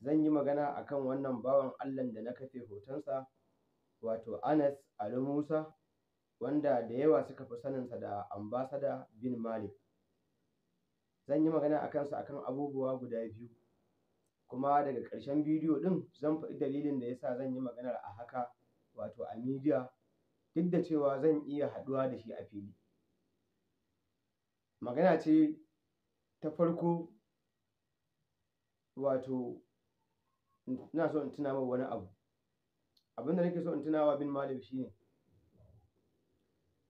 zan yi magana akan wannan bawan Allahn da na kafe hotonsa wato Anas Ali Musa wanda da yawa suka fi saninsa da ambasada bin Malik. Zan yi magana a kansa akan abubuwa guda biyu kuma daga ƙarshen bidiyo ɗin zan faɗi dalilin da ya sa zan yi maganar a haka wato a midiya duk da cewa zan iya haɗuwa da shi a fili. Magana ce ta farko wato ina so in tuna wani abu abin da nake so in tunawa bin malam shine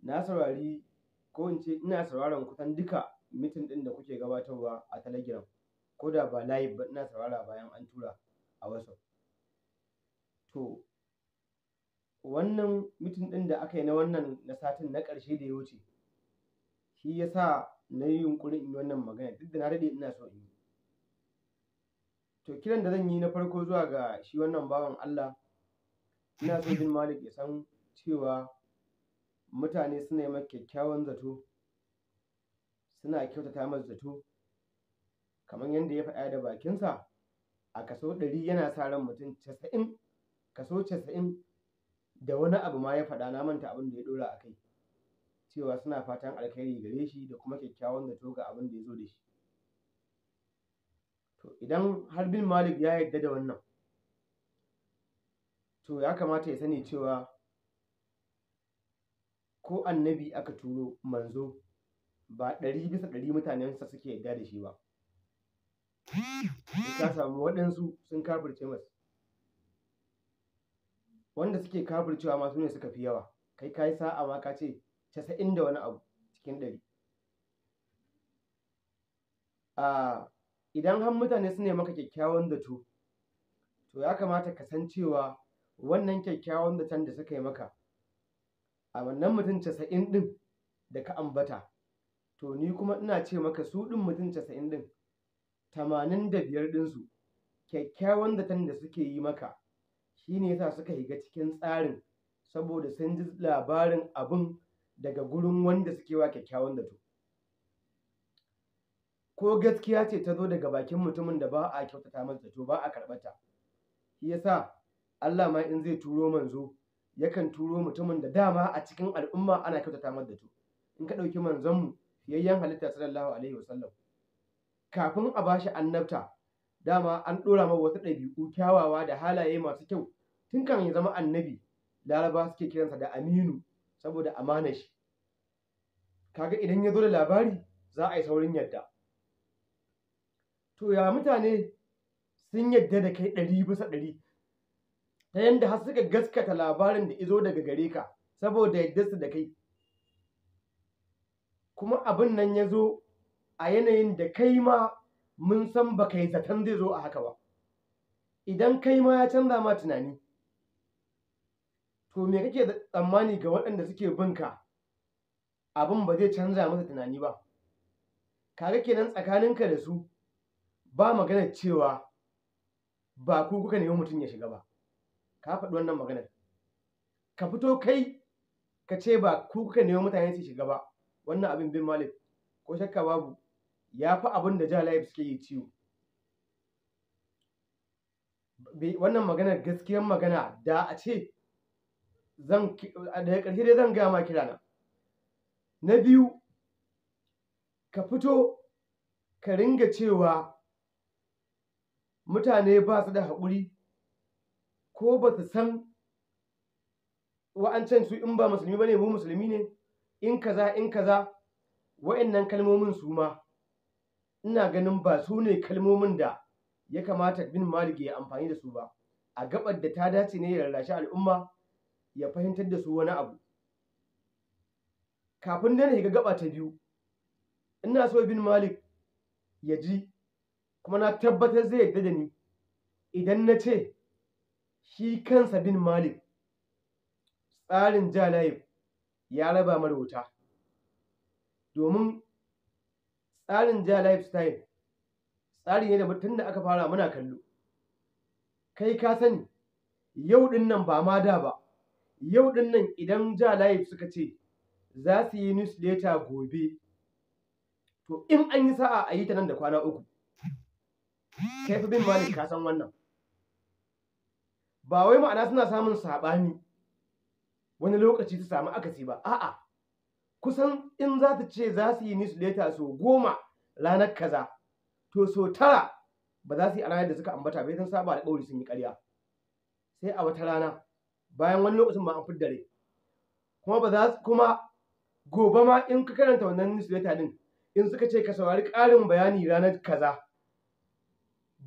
na saurari ko in ce ina sauraron kusan duka mitin ɗin da kuke gabatarwa a telegram ko da ba live ba ina saurara bayan an tura a whatsapp to wannan mitin ɗin da aka yi na wannan na satin na ƙarshe da ya wuce shi ya sa na yi yunƙurin in yi wannan magana duk da na daɗe ina so in yi to kiran da zan yi na farko zuwa ga shi wannan bawan Allah ina so bin Malik ya san cewa mutane suna yi kyakkyawan zato suna kyautata masa zato kamar yadda ya faɗa da bakinsa a kaso ɗari yana sa ran mutum casa'in kaso casa'in da wani abu ma ya faɗa na manta abin da ya ɗora a kai cewa suna fatan alkhairi gare shi da kuma kyakkyawan zato ga abin da ya zo da shi to idan har bin malik ya yarda da wannan to ya kamata ya sani cewa ko annabi aka turo manzo ba ɗari bisa ɗari mutanensa suke yarda da shi ba ka samu waɗansu sun kafirce masu wanda suke kafircewa ma su ne suka fi yawa kai kai sa'a ma ka ce casa'in da wani abu cikin ɗari ah, idan har mutane su ne maka kyakkyawan zato to ya kamata ka san cewa wannan kyakkyawan zaton da suka yi maka a wannan mutum casa'in ɗin da ka ambata to ni kuma ina ce maka su ɗin mutum casa'in ɗin tamanin da biyar ɗinsu kyakkyawan zaton da suke yi maka shi ne yasa suka higa cikin tsarin saboda sun ji labarin abin daga gurin wanda suke wa kyakkyawan zato ko gaskiya ce ta zo daga bakin mutumin da ba a kyautata masa to ba a karɓata shi yasa Allah ma in zai turo manzo yakan turo mutumin da dama a cikin al'umma ana kyautata masa to in ka ɗauki mu yayyan halitta sallallahu alaihi wasallam kafin a bashi annabta dama an dora ma wasu ɗabi'u kyawawa da halaye masu kyau tun kan ya zama annabi laraba suke kiransa da aminu saboda amana shi kaga idan ya zo da labari za a yi saurin yadda to ya mutane sun yadda da kai ɗari bisa ɗari ta yadda har suka gaskata labarin da izo daga gare ka saboda yadda su da kai kuma abin nan ya zo a yanayin da kai ma mun san ba kai zaton zai zo a haka ba idan kai ma ya canza ma tunani to me kake tsammani ga waɗanda suke bin ka abin ba zai canza masa tunani ba kaga kenan tsakaninka da su ba magana cewa ba ku kuka nemi mutum ya shiga ba ka faɗi wannan maganar ka fito kai ka ce ba ku kuka nemi mutane su shiga ba wannan abin bin malik ko shakka babu ya fi abin da jalayib suke yi ciwo wannan maganar gaskiyar magana da a ce zan daga ƙarshe dai zan gaya ma na biyu ka fito ka ringa cewa mutane ba su da haƙuri ko ba su san wa'ancan su in ba musulmi ba ne mu musulmi ne in kaza in kaza wa'annan kalmomin su ma ina ganin ba su ne kalmomin da ya kamata bin malik ya amfani da su ba a gabar da ta dace ne ya rarrashi al'umma ya fahimtar da su wani abu kafin nan shiga gaba ta biyu ina so bin malik ya ji kuma na tabbatar zai yarda da ni idan na ce shi kansa bin malik tsarin jalayib ya raba mara domin tsarin ja lifestyle tsari ne da mutum da aka fara muna kallo kai ka sani yau din nan ba ma da ba yau din nan idan ja suka ce za su yi newsletter gobe to in an yi sa'a a yi ta nan da kwana uku kai fi bin malik ka san wannan ba wai ma'ana suna samun saɓani wani lokaci su samu akasi ba a'a kusan in za ta ce za su yi leta so goma ranar kaza to so tara ba za su yi a ranar da suka ambata bai san saba da sun yi ƙarya sai a wata rana bayan wani lokacin ba an fi dare kuma ba za su kuma gobe ma in ka karanta wannan nisu leta din in suka ce ka saurari ƙarin bayani ranar kaza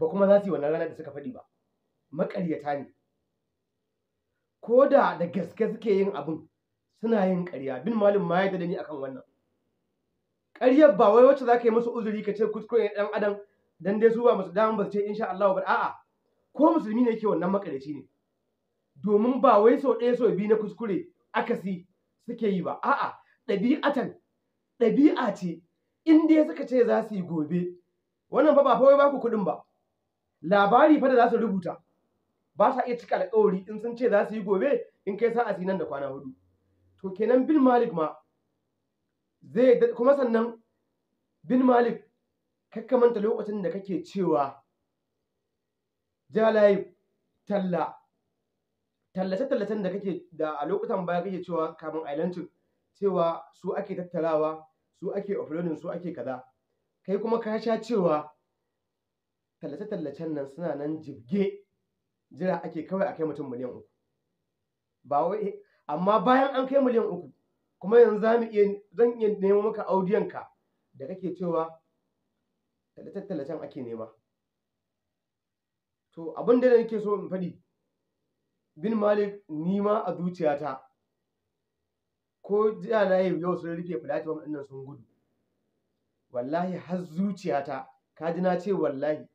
ba kuma za su yi wannan ranar da suka faɗi ba maƙaryata ne ko da da gaske suke yin abin suna yin ƙarya bin malin ma yadda da ni akan wannan ƙaryar ba wai wacce za ka yi musu uzuri ka ce kuskure ɗan adam dan dai su ba musu damar ba su ce insha Allah ba a'a ko musulmi ne ke wannan makaryaci ne domin ba wai sau ɗaya sau biyu na kuskure akasi suke yi ba a'a ɗabi'atan ɗabi'a ce in dai suka ce za su yi gobe wannan fa ba fa wai ba ku kuɗin ba labari fa da za su rubuta ba sa iya cika alƙawari in sun ce za su yi gobe in kai sa'a nan da kwana hudu to kenan bin malik ma zai kuma sannan bin malik kakka manta lokacin da kake cewa jalaye talla tallace-tallacen da kake da a lokutan baya kake cewa kamun ailancin cewa su ake tattalawa su ake offloading su ake kaza kai kuma ka sha cewa tallace-tallacen nan suna nan jibge jira ake kawai a kai mutum miliyan uku ba wai amma bayan an kai miliyan uku kuma yanzu za mu iya zan iya nemo maka audiyan ka da kake cewa tallace-tallacen ake nema to abin da nake so in faɗi bin malik nima a zuciyata ko jiya na yi yau sun rufe platform ɗin sun gudu wallahi har zuciyata ka ji na ce wallahi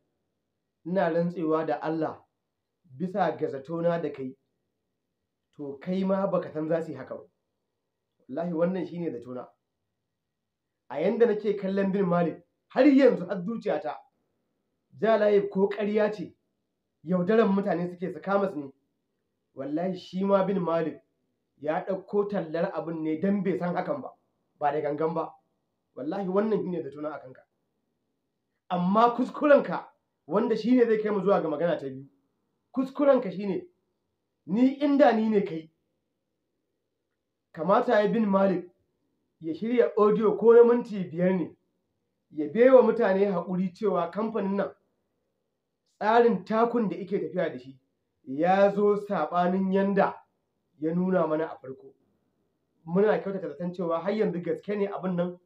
ina rantsewa da Allah bisa ga zatona da kai to kai ma baka san za su yi haka ba wallahi wannan shine zatona a yanda nake kallon bin malik har yanzu har zuciyata layi ko ƙarya ce yaudaran mutane suke su kama su ne wallahi shi ma bin malik ya ɗauko tallar abun ne don bai san hakan ba ba da gangan ba wallahi wannan shine zatona a kanka amma kuskurenka wanda shine zai kai mu zuwa ga magana ta biyu kuskuren ka shine ni inda ni ne kai kamata ya bin malik ya shirya audio ko na minti biyar ne ya baiwa mutane haƙuri cewa kamfanin nan tsarin takun da ike tafiya da shi ya zo saɓanin yanda ya nuna mana a farko muna kyautata zaton cewa har yanzu gaske ne abin nan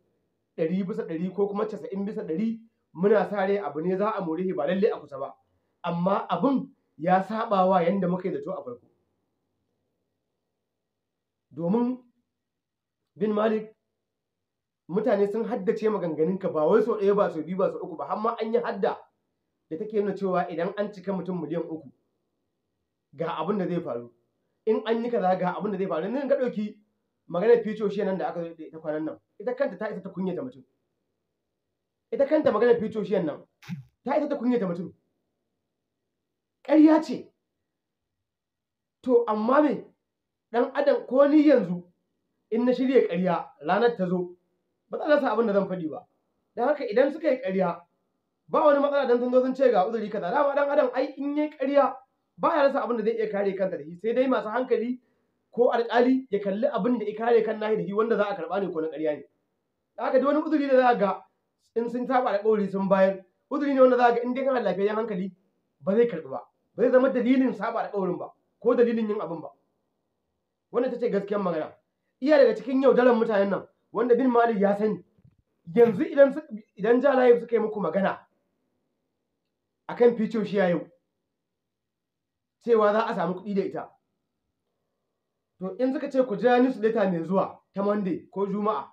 ɗari bisa ɗari ko kuma casa'in bisa ɗari muna sa rai abu ne za a morihi ba lalle a kusa ba amma abun ya sabawa yanda muka yi zato a farko domin bin malik mutane sun haddace maganganunka ba wai sau ɗaya ba sau biyu ba sau uku ba har an yi hadda da take nuna cewa idan an cika mutum miliyan uku ga abin da zai faru in an yi kaza ga abin da zai faru nan ga ɗauki maganar fico shi nan da aka ta kwanan nan ita kanta ta isa ta kunyata mutum ita kanta maganar fitoshiyan nan ta ita ta kunyata mutum ƙarya ce to amma me ɗan adam ko ni yanzu in na shirya ƙarya ranar ta zo ba za su abin da zan faɗi ba don haka idan suka yi ƙarya ba wani matsala don sun zo sun ce ga uzuri kaza dama dan adam ai in yi ƙarya ba ya rasa abin da zai iya kare kansa da shi sai dai masu hankali ko alƙali ya kalli abin da ya kare kan nahi da shi wanda za a karɓa ne ko na ƙarya ne da haka duk wani uzuri da za a ga in sun saba alƙawari sun bayar uzuri ne wanda za ga in dai kana lafiyayyen hankali ba zai karɓi ba ba zai zama dalilin saba alƙawarin ba ko dalilin yin abin ba wannan tace ce gaskiyar magana iya daga cikin yau daren mutanen nan wanda bin mali ya sani yanzu idan idan jalaye suka yi muku magana akan fito shi yau cewa za a samu kuɗi da ita to in suka ce ku jira newsletter mai zuwa ta monday ko juma'a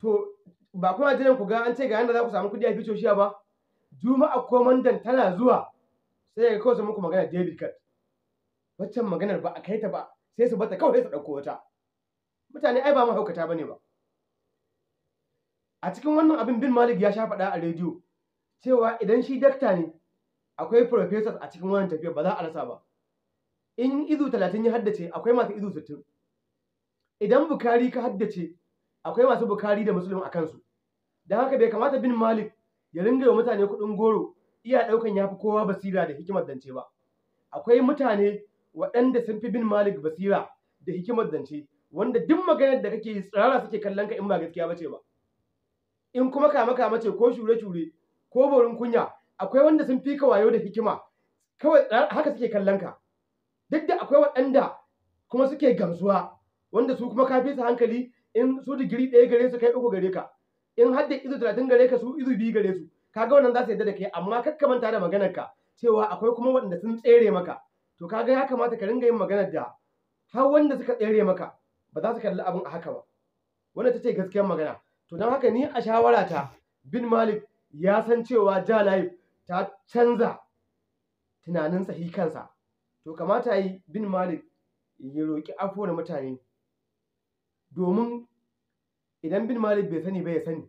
to ba kuma jiran ku ga an ce ga yanda za ku samu kuɗi a fitoshiya ba juma'a komandan tana zuwa sai ga kawai muku magana david kat waccan maganar ba a kai ta ba sai su bata kawai su ɗauko wata mutane ai ba mahaukata ba ne ba a cikin wannan abin bin malik ya sha faɗa a rediyo cewa idan shi dakta ne akwai professors a cikin wannan tafiyar ba za a rasa ba in izu talatin ya haddace akwai masu izu sittin idan bukari ka haddace akwai masu bukari da musulun a kansu Da haka bai kamata bin malik ya ringa wa mutane kuɗin goro iya ɗaukan yafi kowa basira da hikimar zance ba akwai mutane waɗanda sun fi bin malik basira da hikimar zance wanda duk maganar da kake tsirara suke kallon ka in ba gaskiya bace ba in kuma kama kama ce ko shure shure ko borin kunya akwai wanda sun fi ka wayo da hikima kawai haka suke kallon ka duk da akwai waɗanda kuma suke gamsuwa wanda su kuma ka fi su hankali in su digiri ɗaya gare su kai uku gare ka in har da izu talatin gare ka su izu biyu gare su ga wannan za su yadda da kai amma ka manta da maganar ka cewa akwai kuma waɗanda sun tsere maka to kaga ya kamata ka ringa yin maganar da har wanda suka tsere maka ba za su kalli abin a haka ba wanda ta ce gaskiyar magana to don haka ni a shawara ta bin malik ya san cewa ja life ta canza tunanin hi kansa to kamata yi bin malik ya roƙi afuwar mutane domin idan bin malik bai sani ba sani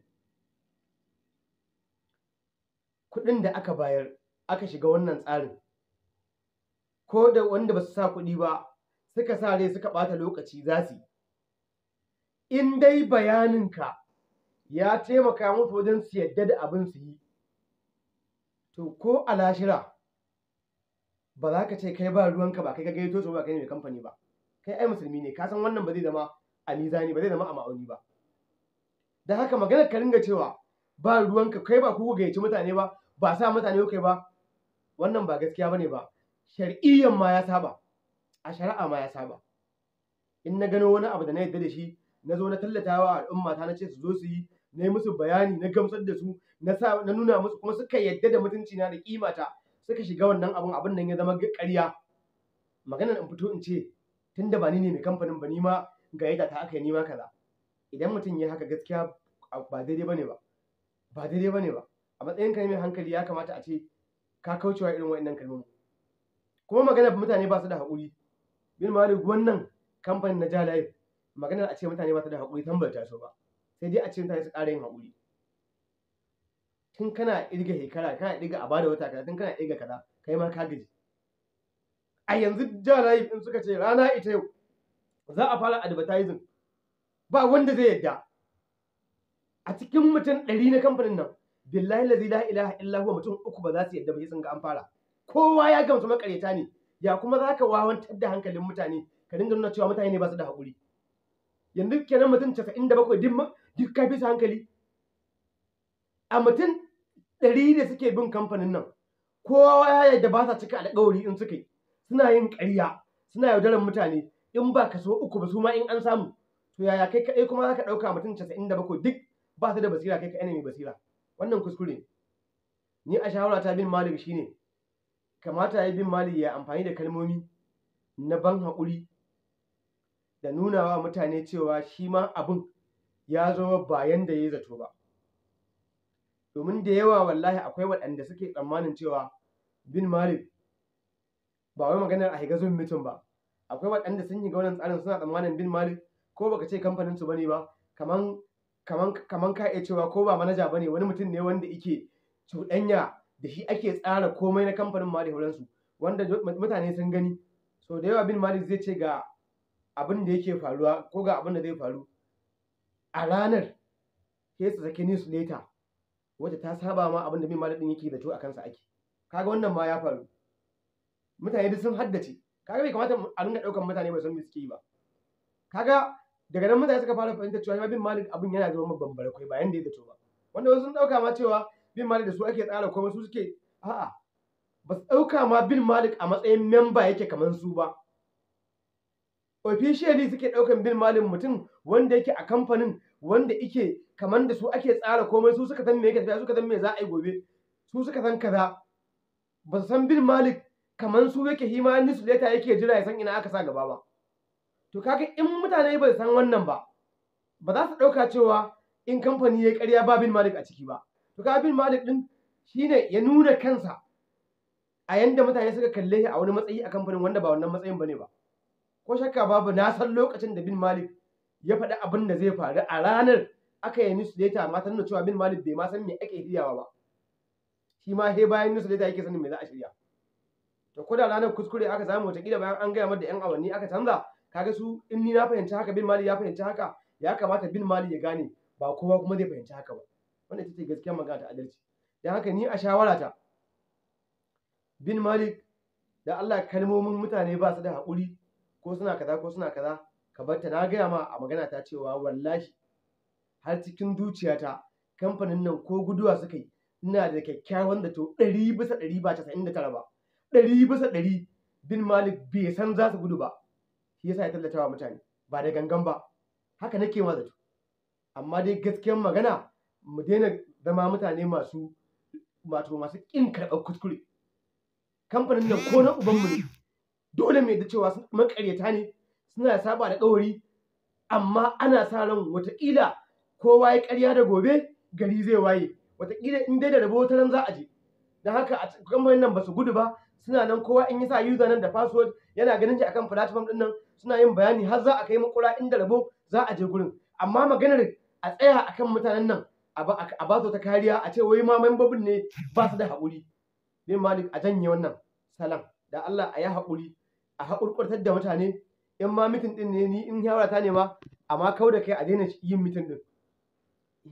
kuɗin da aka bayar aka shiga wannan tsarin ko da wanda ba su sa kuɗi ba suka sa rai suka bata lokaci za su in dai bayaninka ya taimaka mutu wajen su yadda da abin su yi to ko a ba za ka ce kai ba ruwanka ba kai ka gaito su ba kai ne mai kamfani ba kai ai musulmi ne ka san wannan ba zai zama a nizani ba zai zama a ma'auni ba dan haka maganar ka ringa cewa ba ruwanka kai ba kuka gayyaci mutane ba ba sa mutane kai ba wannan ba gaskiya bane ba shar'iyyan ma ya saba a shari'a ma ya saba in na gano wani abu da na yarda da shi na zo na tallatawa wa al'umma ta na ce su zo su yi na yi musu bayani na gamsar da su na nuna musu kuma suka yadda da mutunci na da kima ta suka shiga wannan abun abin nan ya zama ƙarya maganar in fito in ce tunda ba ni ne mai kamfanin ba ni ma yadda ta aka yi ni ma kaza idan mutum ya haka gaskiya ba daidai bane ba ba daidai bane ba a matsayin ka mai hankali ya kamata a ce ka kaucewa irin wa'annan kalmomi kuma maganar mutane ba su da haƙuri bin da wannan kamfanin na jalaye magana a ce mutane ba su da haƙuri tambar ta ba sai dai a ce mutane su ƙara yin haƙuri tun kana irga hekara kana irga a bada wata kaza tun kana irga kaza kai ma ka gaji a yanzu jalaye in suka ce rana ita yau za a fara advertising ba wanda zai yadda a cikin mutum ɗari na kamfanin nan billahi lazi la ilaha illa huwa mutum uku ba za su yadda ba sun ga an fara kowa ya gamsu makareta ne ya kuma za ka wawantar da hankalin mutane ka dinga nuna cewa mutane ne ba su da haƙuri yanzu kenan mutum casa'in da bakwai duk ka su hankali a mutum ɗari da suke bin kamfanin nan kowa ya yadda ba sa cika alƙawari in suka yi suna yin ƙarya suna yaudarar mutane in ba kaso uku ba su ma in an samu to yaya kai kaɗai kuma zaka dauka ɗauka mutum casa'in duk ba su da basira kai ka mai basira wannan kuskure ni a shahara ta bin malik shine kamata ya bin malik ya amfani da kalmomi na ban hakuri da nuna wa mutane cewa shi ma abun ya zo bayan da ya zato ba domin da yawa wallahi akwai waɗanda suke tsammanin cewa bin malik ba wai maganar a higa mutum ba akwai waɗanda sun yi ga wannan tsarin suna tsammanin bin malik ko baka ce kamfanin su bane ba kaman kaman kaman ka iya cewa ko ba manaja bane wani mutum ne wanda yake cuɗanya da shi ake tsara komai na kamfanin ma da su wanda mutane sun gani so da yawa bin malik zai ce ga abin da yake faruwa ko ga abin da zai faru a ranar sai su saki newsletter wacce ta saba ma abin da bin malik din yake to a kansa ake kaga wannan ma ya faru mutane duk sun haddace kaga bai kamata a dinga daukan mutane ba san me suke yi ba kaga daga nan mutane suka fara fahimtar cewa ma bin malik abin yana zama bambara kai bayan da ya zato ba wanda wasu sun dauka ma cewa bin malik da su ake tsara komai su suke a'a ba su dauka ma bin malik a matsayin memba yake kamar su ba officially suke daukan bin malik mutum wanda yake a kamfanin wanda yake kamar da su ake tsara komai su suka san me yake tafiya suka san me za a yi gobe su suka san kaza ba su san bin malik kamar su yake hima newsletter yake jira ya san ina aka sa gaba ba to kaga in mutane bai san wannan ba ba za su ɗauka cewa in kamfani ya ƙarya ba bin malik a ciki ba to kaga bin malik din shine ya nuna kansa a yanda mutane suka kalle shi a wani matsayi a kamfanin wanda ba wannan matsayin bane ba ko shakka babu na san lokacin da bin malik ya faɗi abin da zai faru a ranar aka yi newsletter ma tana cewa bin malik bai ma san me ake shiryawa ba shi ma he bayan newsletter yake sanin me za a shirya to ko da ranar kuskure aka samu wata kila bayan an gaya mata yan awanni aka canza kaga su in ni na fahimci haka bin mali ya fahimci haka ya kamata bin mali ya gane ba kowa kuma zai fahimci haka ba wanda ita ce gaskiyar magana ta adalci dan haka ni a shawara ta. bin malik da Allah kalmomin mutane ba su da haƙuri ko suna kaza ko suna kaza ka ta, na gaya ma a magana ta cewa wallahi har cikin zuciyata kamfanin nan ko guduwa suka yi ina da kyakkyawan da to ɗari bisa ɗari ba casa'in da tara ba ɗari bisa ɗari bin malik bai san za su gudu ba shi yasa ya tallata wa mutane ba da gangan ba haka nake ma zato amma dai gaskiyar magana mu daina zama mutane masu wato masu ƙin karɓar kuskure kamfanin nan ko na ubanmu ne dole mai da cewa sun makaryata ne suna saba da kawari amma ana sa ran wataƙila kowa ya ƙarya da gobe gari zai waye wataƙila in dai da rabo wata ran za a je don haka a kamfanin nan ba su gudu ba suna nan kowa in sa user nan da password yana ganin shi akan platform din nan suna yin bayani har za a kai makura inda rabo za a je gurin amma maganar a tsaya akan mutanen nan a ba ta kariya a ce wai ma membobin ne ba su da haƙuri bin malik a janye wannan salam da Allah a ya haƙuri a haƙurƙurtar da mutane in ma mitin din ne ni in yawara ta ne ma amma kau da kai a daina yin mitin din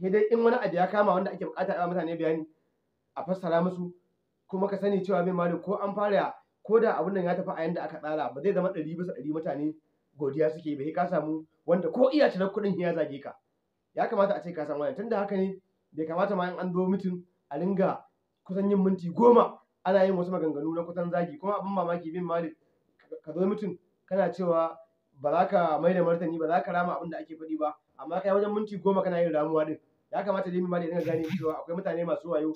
sai dai in wani abu ya kama wanda ake bukata a mutane bayani a fassara musu kuma ka sani cewa mai mali ko an fara ko da abin nan ya tafi a yanda aka tsara ba zai zama ɗari bisa ɗari mutane godiya suke bai ka samu wanda ko iya cinar kuɗin ya zage ka ya kamata a ce ka samu wannan tunda haka ne bai kamata ma in an zo mutum a ringa kusan yin minti goma ana yin wasu maganganu na kusan zagi kuma abin mamaki bin mali, ka zo mutum kana cewa ba za ka mai da martani ba za ka rama abin da ake faɗi ba amma kai wajen minti goma kana yin ramuwa din ya kamata dai mali dinga gane cewa akwai mutane masu wayo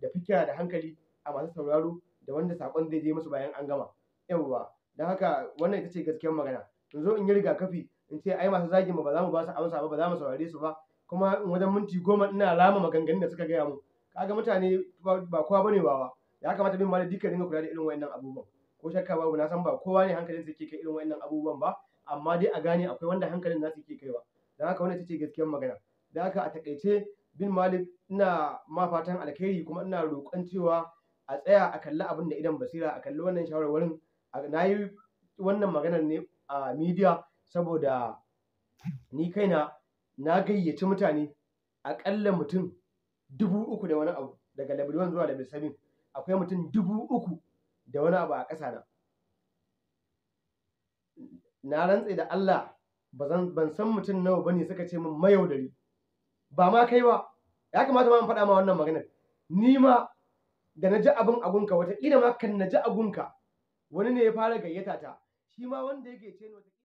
da fikira da hankali a masu sauraro da wanda sakon zai je musu bayan an gama yawwa don haka wannan ita ce gaskiyar magana in zo in yi rigakafi in ce ai masu zagi ba za mu ba su amsa ba ba za mu saurare su ba kuma wajen minti goma ina lama maganganun da suka gaya mu kaga mutane ba kowa bane wawa ya kamata bin mali dukkan ringa kula da irin wayannan abubuwan ko shakka babu na san ba kowa ne hankalin su ke kai irin wayannan abubuwan ba amma dai a gane akwai wanda hankalin nasu ke kaiwa don haka wannan ita ce gaskiyar magana da haka a takaice bin malik ina ma fatan alkhairi kuma ina roƙon cewa a tsaya a kalli abin da idan basira a kalli wannan shawarwarin na yi wannan maganar ne a media saboda ni kaina na gayyaci mutane aƙalla mutum dubu uku da wani abu daga level 1 zuwa level 7 akwai mutum dubu uku da wani abu a ƙasa na na rantse da Allah ban san mutum nawa ba ne suka ce min mayaudari ba ma kai ba ya kamata ma in faɗa ma wannan maganar ni ma da na ji abin agunka ina ma kan na ji agunka wani ne ya fara gayyata ta shi ma wanda yake ce ni